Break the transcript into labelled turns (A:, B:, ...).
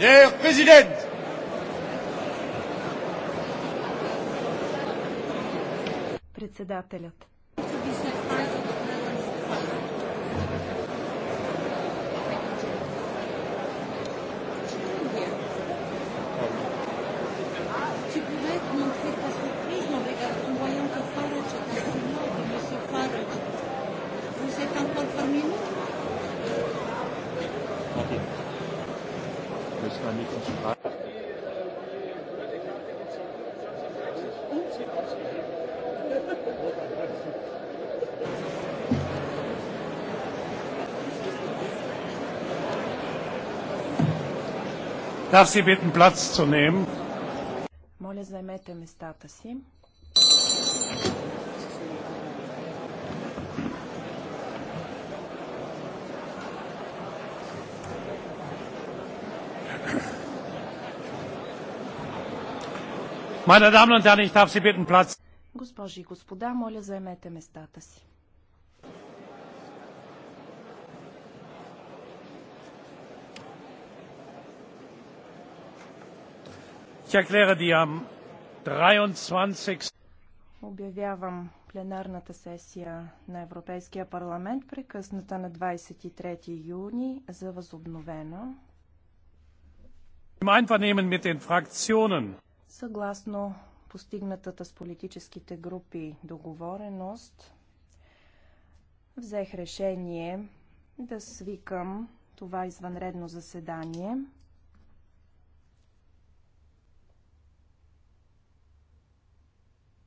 A: Herr Präsident! Председателят müssen ein Mädchen schreiben. Darf Sie bitten, Platz zu nehmen? Моля, займете местата си. Госпожи и господа, моля заемете местата си. Обявявам пленарната сесия на Европейския парламент, прекъсната на 23 юни, за възобновена. Im Einvernehmen mit den Fraktionen Съгласно постигнатата с политическите групи договореност, взех решение да свикам това извънредно заседание